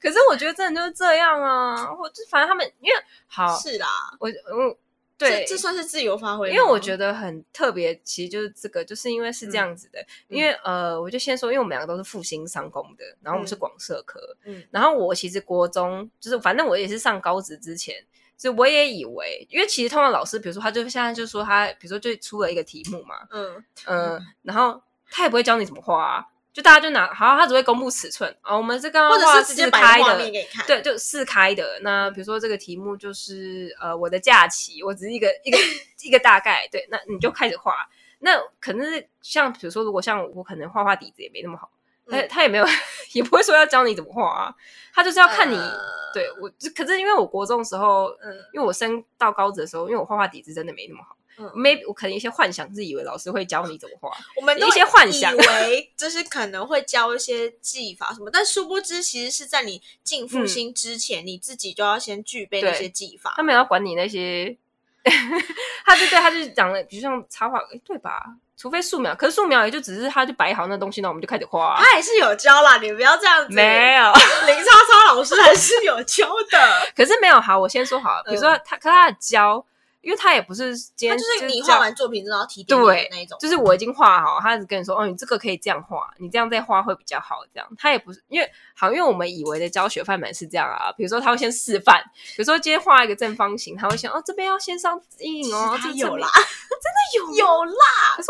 Speaker 1: 可是我覺得真的就是這樣啊，我就反正他們因為好是啦，我嗯對這，這算
Speaker 2: 是自由發揮，因為我覺得
Speaker 1: 很特別，其實就是這個，就是因為是這樣子的，嗯、因為呃，我就先說，因為我們兩個都是復興商工的，然後我們是廣設科，嗯，嗯，然後我其實國中就是反正我也是上高職之前。所以我也以為，因為其實通常老師，比如說他，就現在就說他，比如說就出了一個題目嘛，嗯、呃、嗯，然後他也不會教你怎麼畫、啊，就大家就拿，好，他只會公布尺寸啊、哦，我們是剛剛畫四開的，對，就四開的。那比如說這個題目就是呃，我的假期，我只是一個一個 一個大概，對，那你就開始畫。那可能是像比如說，如果像我可能畫畫底子也沒那麼好。他、嗯、他也沒有，也不會說要教你怎麼畫啊，他就是要看你、嗯、對我。可是因為我國中的時候，嗯、因為我升到高職的時候，因為我畫畫底子真的沒那麼好，嗯、我沒我可能有些幻想，自以為老師會教你怎麼畫，我們那些幻想，以為
Speaker 2: 就是可能會教一些技法什麼， 但殊不知其實是在你進復興之前、嗯，你自己就要先具備那些技法。他們要
Speaker 1: 管你那些。 他就對，他就講了，比如像插畫、欸，對吧？除非素描，可是，素描也就只是他就擺好那東西，那我們就開始畫、啊。他也是有教啦，你不要這樣子。沒有，林 叉叉老師還是有教的。 可是沒有好，我先說好了，比如說他，呃、可是，他的教。因為他也不是今天就，他就是你畫完作
Speaker 2: 品之後提點，點那一種，對，就是我已經
Speaker 1: 畫好，他一直跟你說哦，你這個可以這樣畫，你這樣再畫會比較好。這樣他也不是因為，好，因為我們以為的教學範本是這樣啊，比如說他會先示範，比如說今天畫一個正方形，他會想哦，這邊要先上陰影哦。有啦就有啦、啊，真的有啦有啦，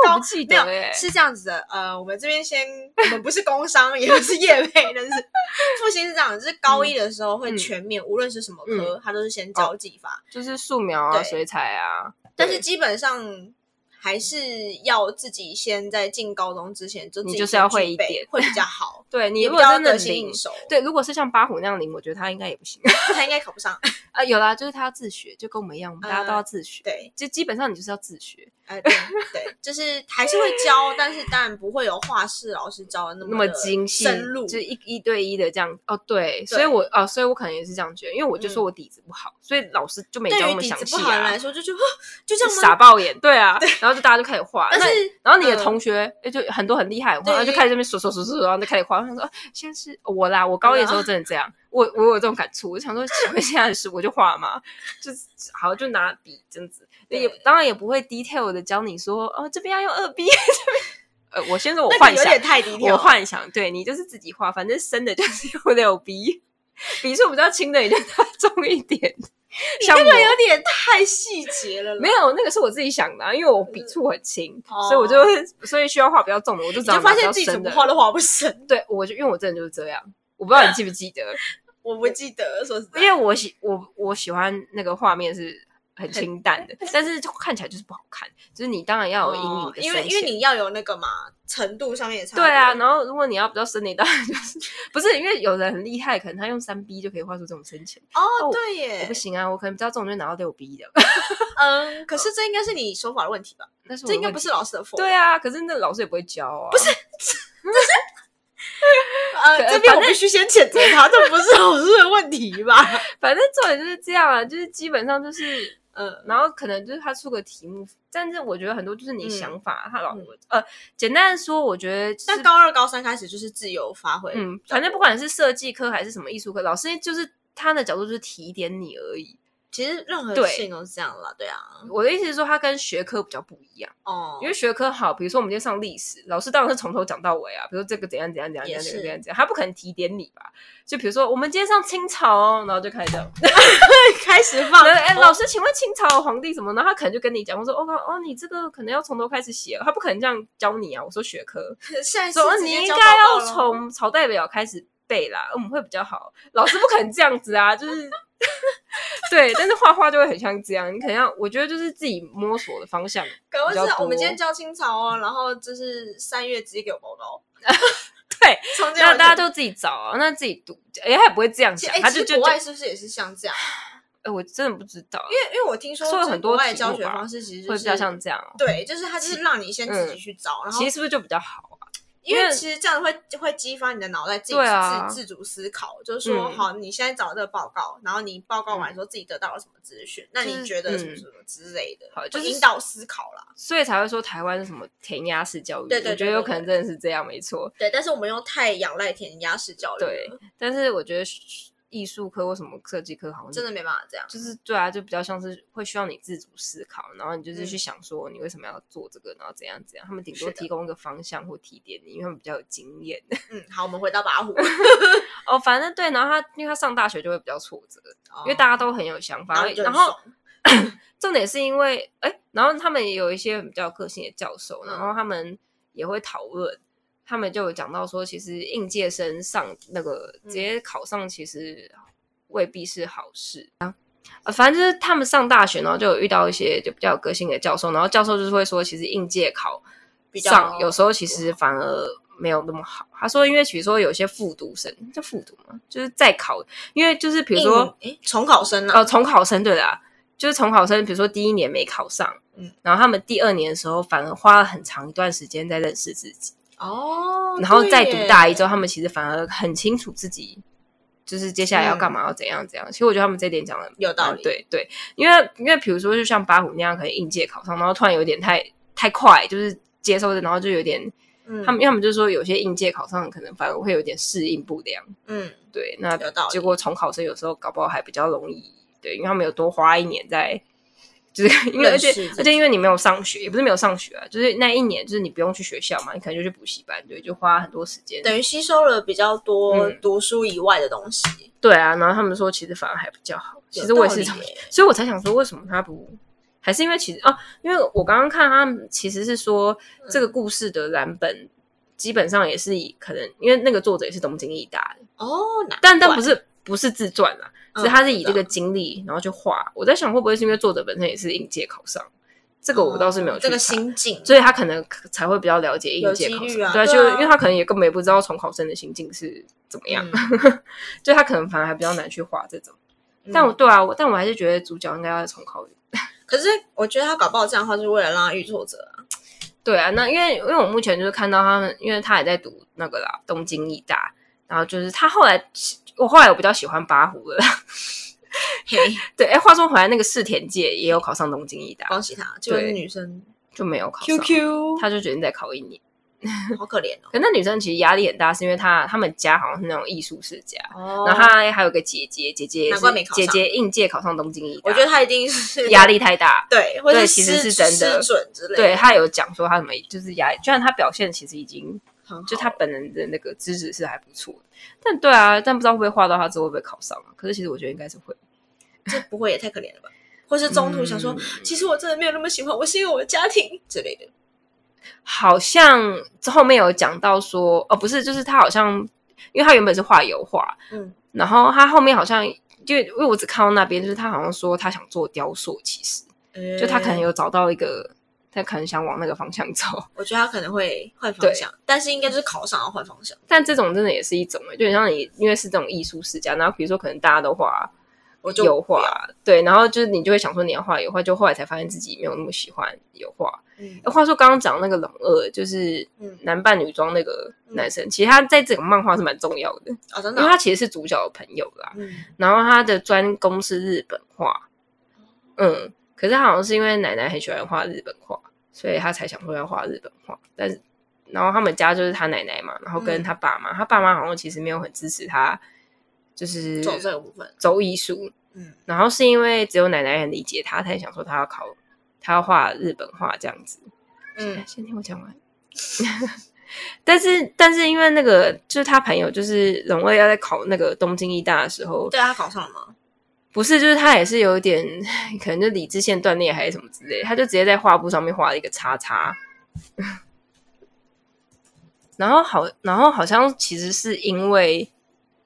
Speaker 1: 高氣度、欸。是這
Speaker 2: 樣子的，呃，我們這邊先，我們不是工商 也不是夜培，但是復興是這樣，就是高一的時候會全面，嗯、無論是什麼科，嗯、他都是先教技法，
Speaker 1: 就是素描啊，水彩。哎呀，啊，但
Speaker 2: 是基本上，還是要自己先在進高中之前，就你就是要會一點，會比較好。
Speaker 1: 對，你如果真的是應手，如果是像八虎那樣領，我覺得他應該也不行，嗯、他應該考不上。啊、 呃，有啦，就是他要自學，就跟我們一樣，我們大家都要自學、呃。對，就基本上你就是要自學。哎、
Speaker 2: 呃，對，就是還是會教， 但是當然不會有畫室老師教的那麼的那麼精細深入，
Speaker 1: 就是一一對一的這樣。哦，對，對所以我啊、哦，所以我可能也是這樣覺得，因為我就說我底子不好，嗯、所以老師就沒教那麼詳細、啊。對對。對於底子不好的人來說，就覺得就這樣就傻爆眼。對啊，對然後。就大家就開始畫，但是那然後你的同學哎、呃、就很多很厲害，然後就開始這邊唰唰唰唰，然後就開始畫。他說、啊：“先是我啦，我高一的時候真的這樣，啊、我我有這種感觸。我想說，請問現在是我就畫嘛，就是好就拿筆這樣子，也當然也不會 detail 的教你說哦這邊要用二 B，這邊呃我先說我幻想，那個、有我幻想對你就是自己畫，反正深的就是用六 B，筆數比較輕的你就畫重一點。”你那個有點太
Speaker 2: 細節了，沒有，
Speaker 1: 那個是我自己想的啊，因為我筆觸很輕，oh. 所以我就所以需要畫比較重的，我就只要你就發現自己怎麼畫都畫不深。對我就因為我真的就是這樣，我不知道你記不記得， 我不記得，說實在，因為我喜我我喜歡那個畫面是。很清淡的， 但是就看起來就是不好看，就是你當然要有陰影的，哦，因為因為你要
Speaker 2: 有那個嘛，程度上面也差不多。對啊，然
Speaker 1: 後如果你要比較深你當然就是不是因為有人很厲害，可能他用三 B 就可以畫出這種深淺。哦，
Speaker 2: 對耶，哦，不
Speaker 1: 行啊，我可能不知道這種就拿到 6B 的。
Speaker 2: 嗯， 可是這應該是你手法的問題吧？ 這是我的問題。這應該不是老師的錯。對啊，可是
Speaker 1: 那老師也不會教啊。不是，不是， 呃，這邊我必須先譴責他，這不是老師的問題吧？反正重點就是這樣啊，就是基本上就是。嗯、呃，然後可能就是他出個題目，但是我覺得很多就是你想法，嗯、他老、嗯、呃，簡單的說，我覺得在高二、高三開始就是自由發揮，嗯，反正不管是設計科還是什麼藝術科，老師就是他的角度就是提點你而已。其實任何的事情都是這樣啦，對啊。我的意思是說，它跟學科比較不一樣哦，因為學科好，比如說我們今天上歷史，老師當然是從頭講到尾啊。比如說這個怎樣怎樣怎樣怎樣怎樣怎樣，怎樣，他不可能提點你吧？就比如說我們今天上清朝，哦，然後就開始這樣、哦、 開始放。誒、欸哦、老師，請問清朝皇帝什麼呢？然後他可能就跟你講，我說哦哦，你這個可能要從頭開始寫，他不可能這樣教你啊。我說學科，
Speaker 2: 所以你應該要從
Speaker 1: 朝代表開始背啦，我們會比較好。老師不可能這樣子啊，就是。 對，但是畫畫就會很像這樣，你可能我覺得就是自己摸索的方向。可能是，我們今天教
Speaker 2: 清朝哦，然後就是三月直接給我
Speaker 1: 報告。 對，那大家就自己找，哦，那自己讀。哎，欸，他也不會這樣想，欸，他就就，就國外是
Speaker 2: 不是也是像這樣？
Speaker 1: 哎，欸，我真的不知道，因為
Speaker 2: 因為我聽說有很多國外的教學方式其實，就是，會比較像這樣，哦。對，就是他就是讓你先自己去找，嗯，然後其實是
Speaker 1: 不是就比較好？
Speaker 2: 因為，因為其實這樣會會激發你的腦袋自己自、啊、自，自主思考，就是說，嗯、好，你現在找了這個報告，然後你報告完說自己得到了什麼資訊、嗯，那你覺得什麼什麼之類的，就、嗯、引導思考啦、
Speaker 1: 就是。所以才會說台灣是什麼填鴨式教育，對對，對對，我覺得有可能真的是這樣沒，沒錯。
Speaker 2: 對，但是我們用太仰賴填鴨式教育。對，
Speaker 1: 但是我覺得。藝術科或什麼設計科好，好像真的沒
Speaker 2: 辦法這樣，就是
Speaker 1: 對啊，就比較像是會需要你自主思考，然後你就是去想說你為什麼要做這個，嗯、然後怎樣怎樣。他們頂多提供一個方向或提點你，因為他們比較有經驗。嗯，好，我們回到八虎。 哦，反正對，然後他因為他上大學就會比較挫折，哦、因為大家都很有想法。然後，然後 重點是因為哎、欸，然後他們也有一些比較個性的教授，然後他們也會討論。他們就有講到說，其實應屆生上那個直接考上，其實未必是好事啊、嗯。反正就是他們上大學，然後就有遇到一些就比較有個性的教授，然後教授就是會說，其實應屆考上有時候其實反而沒有那麼好。他說，因為其實說有些復讀生，就復讀嘛，就是再考，因為就是比如說，哎、嗯，重考生啊，哦、呃，重考生對的、啊，就是重考生，比如說第一年沒考上，嗯，然後他們第二年的時候，反而花了很長一段時間在認識自己。哦，然後再讀大一之後、哦，他們其實反而很清楚自己，就是接下來要幹嘛、嗯，要怎樣怎樣。其實我覺得他們這點講的有道理，對對，因為因為比如說，就像八虎那樣，可能應屆考上，然後突然有點太太快，就是接受的，然後就有點，嗯、他們要麼就是說，有些應屆考上，可能反而會有點適應不良，嗯，對，那結果重考生有時候搞不好還比較容易，對，因為他們有多花一年在。就是因為，而且而且因為你沒有上學，也不是沒有上學啊，就是那一年，就是你不用去學校嘛，你可能就去補習班，對，就花很多時間，等於吸收了比較多
Speaker 2: 讀書以外的東西、嗯。
Speaker 1: 對啊，然後他們說其實反而還比較好，其實我也是，所以我才想說為什麼他不，還是因為其實哦、啊，因為我剛剛看他們其實是說這個故事的藍本基本上也是以可能因為那個作者也是東京藝大的哦，但但不是不是自傳啦。所以他是以這個經歷，然後去畫。我在想，會不會是因為作者本身也是應屆考生？這個我倒是沒有這個心境，所以他可能才會比較了解應屆考生，對啊，就因為他可能也根本也不知道重考生的心境是怎麼樣，所以他可能反而還比較難去畫這種。但我對啊，但我還是覺得主角應該要重考。
Speaker 2: 可是我覺得他搞不好這樣的話，是為了讓他遇挫折啊。
Speaker 1: 對啊，那因為因為我目前就是看到他們，因為他也在讀那個啦，東京藝大，然後就是他後來。我後來我比較喜歡八虎了。嘿，對，哎、欸，話說回來，那個世田介也有考上東京藝大，恭喜他。就是女生就沒有考上，Q Q，她就決定再考一年， 好可憐哦。可那女生其實壓力很大，是因為她他，他們家好像是那種藝術世家，oh. 然後她還有一個姐姐，姐姐難怪沒考上，姐姐應屆考上東京藝大，我覺得她
Speaker 2: 一定是壓力太大， 對，或者其實是真的失準之類的。對，她
Speaker 1: 有講說她什麼，就是壓，雖然她表現其實已經。好好就他本人的那個資質是還不錯，但對啊，但不知道會不會畫到他之後會不會考上，可是其實我覺得應該是會，這不會也太可憐了吧？ 或是
Speaker 2: 中途想說、嗯，其實我真的沒有那麼喜歡，我是因為我的家庭之類的。
Speaker 1: 好像後面有講到說，哦，不是，就是他好像，因為他原本是畫油畫，嗯，然後他後面好像，因為因為我只看到那邊，就是他好像說他想做雕塑，其實、
Speaker 2: 嗯、就他可能有
Speaker 1: 找到一個。他可能想往那個方向走，
Speaker 2: 我覺得他可能會換方向，但是應該就是考上要換方向。
Speaker 1: 但這種真的也是一種、欸、就像你，因為是這種藝術世家，然後比如說可能大家都畫油畫，對，然後就是你就會想說你要畫油畫，就後來才發現自己沒有那麼喜歡油畫。嗯、話說剛剛講那個龍二，就是男扮女裝那個男生，嗯嗯、其實他在整個漫畫是蠻重要的啊、哦，真的，因為他其實是主角的朋友啦。嗯、然後他的專攻是日本畫，嗯。嗯可是好像是因為奶奶很喜歡畫日本畫，所以他才想說要畫日本畫。但是，然後他們家就是他奶奶嘛，然後跟他爸媽，他、嗯、爸媽好像其實沒有很支持他，就是走這個部分，走藝術，嗯。然後是因為只有奶奶很理解他，才想說他要考，他要畫日本畫這樣子。嗯，先聽我講完。 但是，但是因為那個就是他朋友，就是榮威要在考那個東京藝大的時候，對，他考上了嗎？不是，就是他也是有點，可能就理智線斷裂還是什麼之類，他就直接在畫布上面畫了一個叉叉。 然後好，然後好像其實是因為，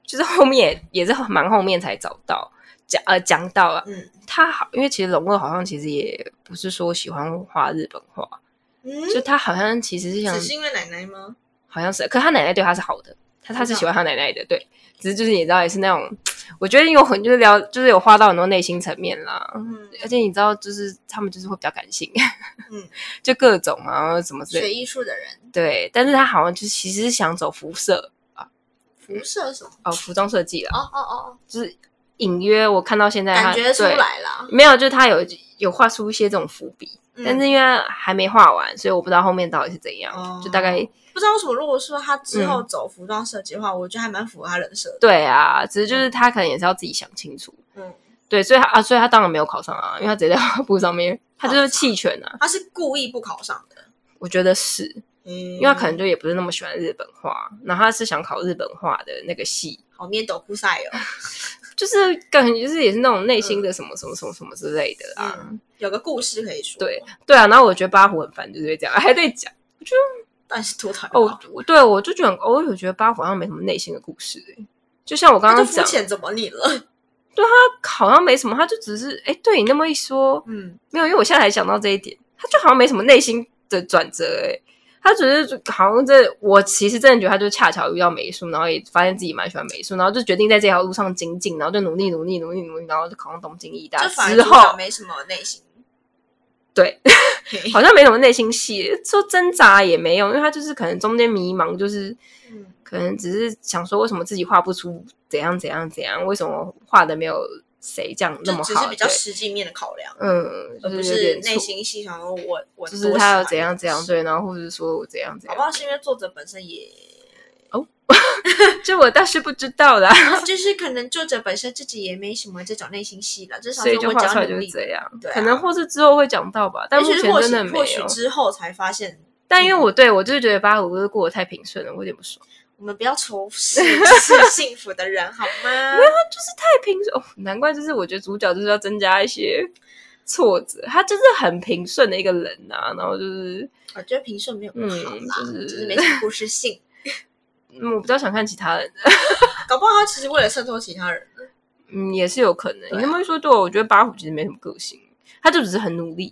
Speaker 1: 就是後面也是蠻後面才找到講呃講到了、嗯，他好，因為其實龍二好像其實也不是說喜歡畫日本畫，嗯，就他好像其實是想，只是因為奶奶嗎？好像是，可是他奶奶對他是好的。他他是喜歡他奶奶的，對，只是就是你知道，也是那種，我覺得有很就是聊，就是有花到很多內心層面啦。嗯，而且你知道，就是他們就是會比較感性，嗯、呵呵就各種啊什麼之類。學藝術的人，對，但是他好像就是其實是想走服設啊，
Speaker 2: 服設
Speaker 1: 什麼？哦，服裝設計啦。哦哦哦，就是隱約我看到現在他感覺出來了，沒有，就是他有。有畫出一些這種伏筆，嗯，但是因為還沒畫完，所以我不知道後面到底是怎樣。哦，就大概
Speaker 2: 不知道為什麼。如果說他之後走服裝設計的話，嗯，我覺得還蠻符合他人設的。對
Speaker 1: 啊，只是就是他可能也是要自己想清楚。嗯，對，所以他啊，所以他當然沒有考上啊，因為他直接在畫布上面，考上他就是棄權啊。
Speaker 2: 他是故意不考上的，
Speaker 1: 我覺得是，嗯，因為他可能就也不是那麼喜歡日本畫，然後他是想考日本畫的那個系，好面抖酷賽哦。 就是感覺就是也是那種內心的什麼什麼什麼什麼之類的啊、嗯、有個故事可以說。對對啊，然後我覺得八虎很煩，就是、這樣還在講，就但是脫胎。哦，對，我就覺得，我有覺得八虎好像沒什麼內心的故事誒，就像我剛剛講，之前怎
Speaker 2: 麼你了？
Speaker 1: 對他好像沒什麼，他就只是哎對你那麼一說，嗯，沒有，因為我現在才想到這一點，他就好像沒什麼內心的轉折誒。他只是好像這，我其實真的覺得他就恰巧遇到美術，然後也發現自己蠻喜歡美術，然後就決定在這條路上精進，然後就努力努力努力努力，然後就考上東京藝大之後，沒什麼內心，對，okay. 好像沒什麼內心戲，說掙扎也沒用，因為他就是可能中間迷茫，就是、嗯，可能只是想說為什麼自己畫不出怎樣怎樣怎樣，為什麼畫的沒有。誰這樣那麼好？只是比較
Speaker 2: 實際面的考量，嗯，就
Speaker 1: 是內
Speaker 2: 心戲想說我我就是他要怎
Speaker 1: 樣怎樣，對，然後或者是說我怎樣
Speaker 2: 怎樣，好像是因為作者本身也
Speaker 1: 哦，這 我倒是不知道啦、 嗯。就
Speaker 2: 是可能作者本身自己也沒什麼這種內心戲啦，所以我講出來就是這樣。對、啊，可
Speaker 1: 能或是之後會講到吧，但目前真的沒有。或許之
Speaker 2: 後才發現，
Speaker 1: 但因為我、嗯、對，我就是覺得八虎過得太平順了，我有點不爽。我們不要仇視就是幸福的人，好嗎？沒有，就是太平順。哦，難怪就是我覺得主角就是要增加一些挫折，他真的很平順的一個人啊。然後就是我覺得平順沒有那麼好，嗯，就是、嗯就是嗯、就是沒什麼故事性。嗯，我比較想看其他人的， 搞不好他其實為了襯托其他人。嗯，也是有可能。你那麼一說，對、哦、我覺得八虎其實沒什麼個性，他就只是很努力。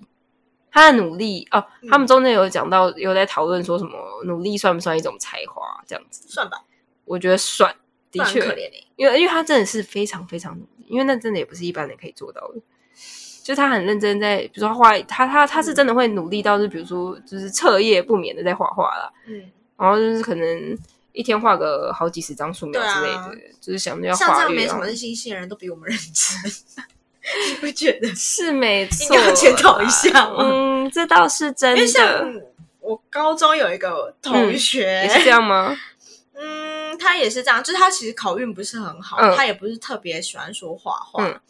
Speaker 1: 他的努力哦，他們中間有講到、嗯，有在討論說什麼努力算不算一種才華這樣子，算吧，我覺得算，的確，可憐欸，因為因為他真的是非常非常努力，因為那真的也不是一般人可以做到的，就是他很認真在，比如說畫，他他他，他是真的會努力到就是，比如說就是徹夜不眠的在畫畫啦。嗯，然後就是可能一天畫個好幾十張素描之類的，啊，就是想着要，啊、像這樣沒什麼
Speaker 2: 新鮮的人，都比我們認真。
Speaker 1: 我 不覺得是每次要檢討一下嗎？嗯，這倒是真的。因為像
Speaker 2: 我，我高中有一個
Speaker 1: 同學、嗯，也是這樣嗎？嗯，
Speaker 2: 他也是這樣。就是他其實考運不是很好，嗯，他也不是特別喜歡說畫畫，嗯。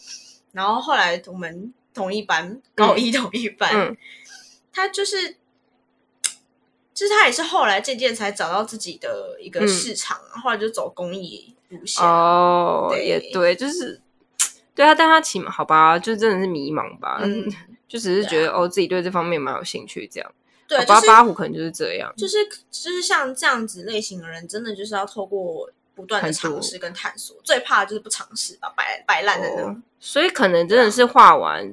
Speaker 2: 然後後來我們同一班，
Speaker 1: 嗯，高一同一班，嗯，
Speaker 2: 他就是，就是他也是後來漸漸才找到自己的一個市場，嗯，後來就走工藝路
Speaker 1: 線。哦對，也對，就是。對啊，但他起碼好吧，就真的是迷茫吧，嗯， 就是只是覺得、啊、哦，自己對這方面蠻有興趣這樣，
Speaker 2: 對、啊、好吧？八、就是、虎可
Speaker 1: 能就是這樣，就是
Speaker 2: 就是像這樣子類型的人，真的就是要透過不斷的嘗試跟探索，最怕的就是不嘗試吧，擺擺爛的那種。
Speaker 1: Oh, 所以可能真的是畫完、啊，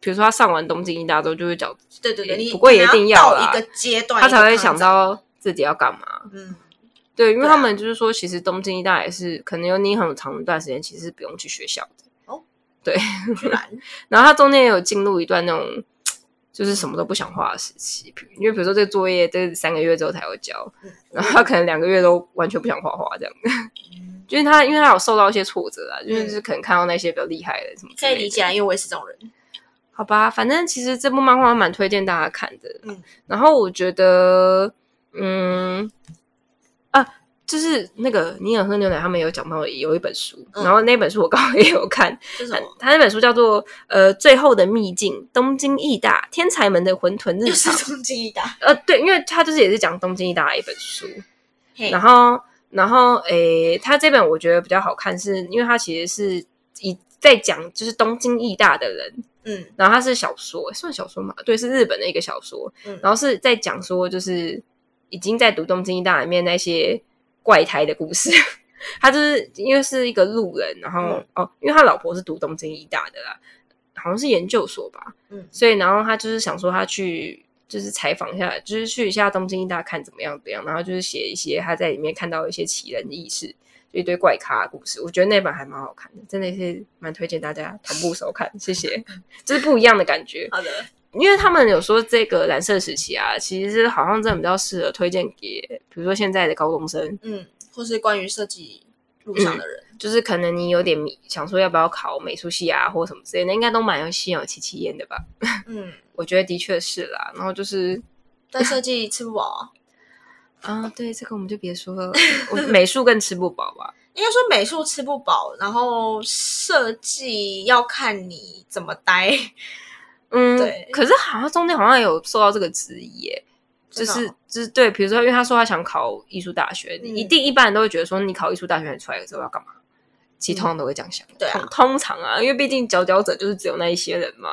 Speaker 1: 比如說他上完東京一大之後，就會、是、講，對
Speaker 2: 對對，不過也一定要、要到一個階段，他才會想
Speaker 1: 到自己要幹嘛。嗯，對，因為他們就是說，啊、其實東京一大也是可能有你很長一段時間，其實是不用去學校的。對，然， 然後他中間也有進入一段那種，就是什麼都不想畫的時期，嗯、因為比如說這個作業，這三個月之後才會交、嗯，然後他可能兩個月都完全不想畫畫，這樣、嗯，就是他因為他有受到一些挫折啊，就是可能看到那些比較厲害的什麼的，可以理解，因為我也是這種人，好吧，反正其實這部漫畫蠻推薦大家看的，嗯，然後我覺得，嗯。就是那個尼爾喝牛奶，他們有講到有一本書、嗯，然後那本書我剛剛也有看，他那本書叫做呃《最後的祕境》東京藝大天才們的混沌日常。是東京藝大，呃，對，因為他就是也是講東京藝大的一本書，嘿然後然後誒，他、欸，這本我覺得比較好看，是因為他其實是以在講就是東京藝大的人，嗯，然後他是小說，算小說嘛，對，是日本的一個小說，嗯、然後是在講說就是已經在讀東京藝大裡面那些。怪胎的故事， 他就是因為是一個路人，然後、嗯、哦，因為他老婆是讀東京醫大的啦，好像是研究所吧，嗯，所以然後他就是想說他去就是採訪一下，就是去一下東京醫大看怎麼樣怎樣，然後就是寫一些他在裡面看到一些奇人異事，就一堆怪咖的故事，我覺得那本還蠻好看的，真的是蠻推薦大家同步收看， 謝謝，這、就是不一樣的感覺， 好的。因為他們有說這個藍色時期啊，其實好像真的比較適合推薦給，比如說現在的高中生，嗯，或
Speaker 2: 是關於設計路上的
Speaker 1: 人，嗯、就是可能你有點迷，想說要不要考美術系啊，或什麼之類的，應該都蠻有心有戚戚焉的吧？嗯， 我覺得的確是啦。然後就是
Speaker 2: 但設計吃不飽啊、 呃，對，
Speaker 1: 這個我們就別說了。 我美術更吃不飽吧？
Speaker 2: 應該說美術吃不飽，然後設計要看你怎麼待。
Speaker 1: 嗯，對。可是好像中間好像有受到這個質疑，哦，
Speaker 2: 就是就
Speaker 1: 是對，比如說，因為他說他想考藝術大學，嗯，你一定一般人都會覺得說，你考藝術大學出來的時候要幹嘛？其實通常都會這樣想，嗯、對、啊、通常啊，因為畢竟佼佼者就是只有那一些人嘛。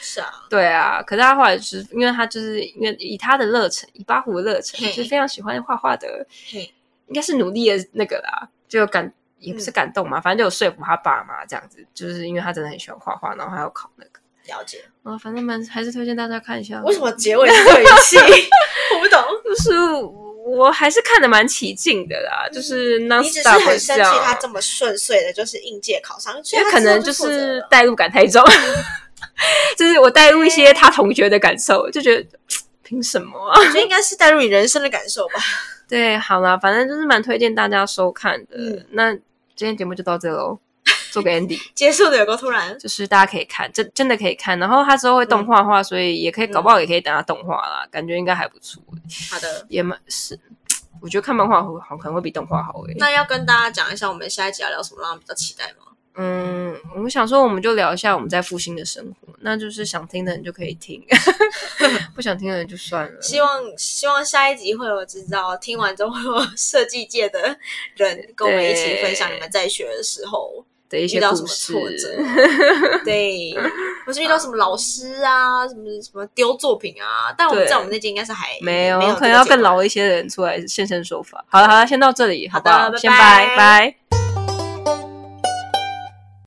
Speaker 1: 是啊呵呵，對啊。可是他後來，就是因為他就是因為以他的熱誠，以巴虎的熱忱，就是非常喜歡畫畫的，嘿應該是努力的那個啦，就感也不是感動嘛，嗯、反正就有說服他爸媽這樣子，就是因為他真的很喜歡畫畫，然後還要考那個。了解啊、哦，反正蠻還，還是推薦大家看一下。為什麼結尾的尾氣？ 我不懂。就是我還是看的蠻起勁的啦、嗯，就是那大你是很生氣他這麼順
Speaker 2: 遂的，就是應屆考上，去，也可能就是
Speaker 1: 代入感太重， 就是我帶入一些他同學的感受，就覺得憑什麼、啊？我覺得應該是帶入你人生的感
Speaker 2: 受吧。
Speaker 1: 對，好了，反正就是蠻推薦大家收看的。嗯、那今天節目就到這嘍。做個 ending 結束的有夠突然，就是大家可以看，真真的可以看。然後它之後會動畫化、嗯，所以也可以，搞不好也可以等他動畫啦、嗯。感覺應該還不錯、欸。他的，也蠻是，我覺得看漫畫會好，好，可能會比動畫好誒、欸。那
Speaker 2: 要跟大家講一下，我們下一集要聊什麼，讓我們比較期待嗎？
Speaker 1: 嗯，我想說，我們就聊一下我們在復興的生活。那就是想聽的人就可以聽， 不想聽的人就算了。
Speaker 2: 希望希望下一集會有知道，聽完之後會有設計界的人跟我們一起分享你們在學的時候，
Speaker 1: 的一些
Speaker 2: 故事，遇到什麼挫折。 對，不是遇到什麼老師啊， 什麼什麼丟作品啊。但我們在我們那間應該是還沒
Speaker 1: 有，沒有，可能要更老一些的人出來現身說法。好了好了，先到這裡，好，好，好的，先拜拜。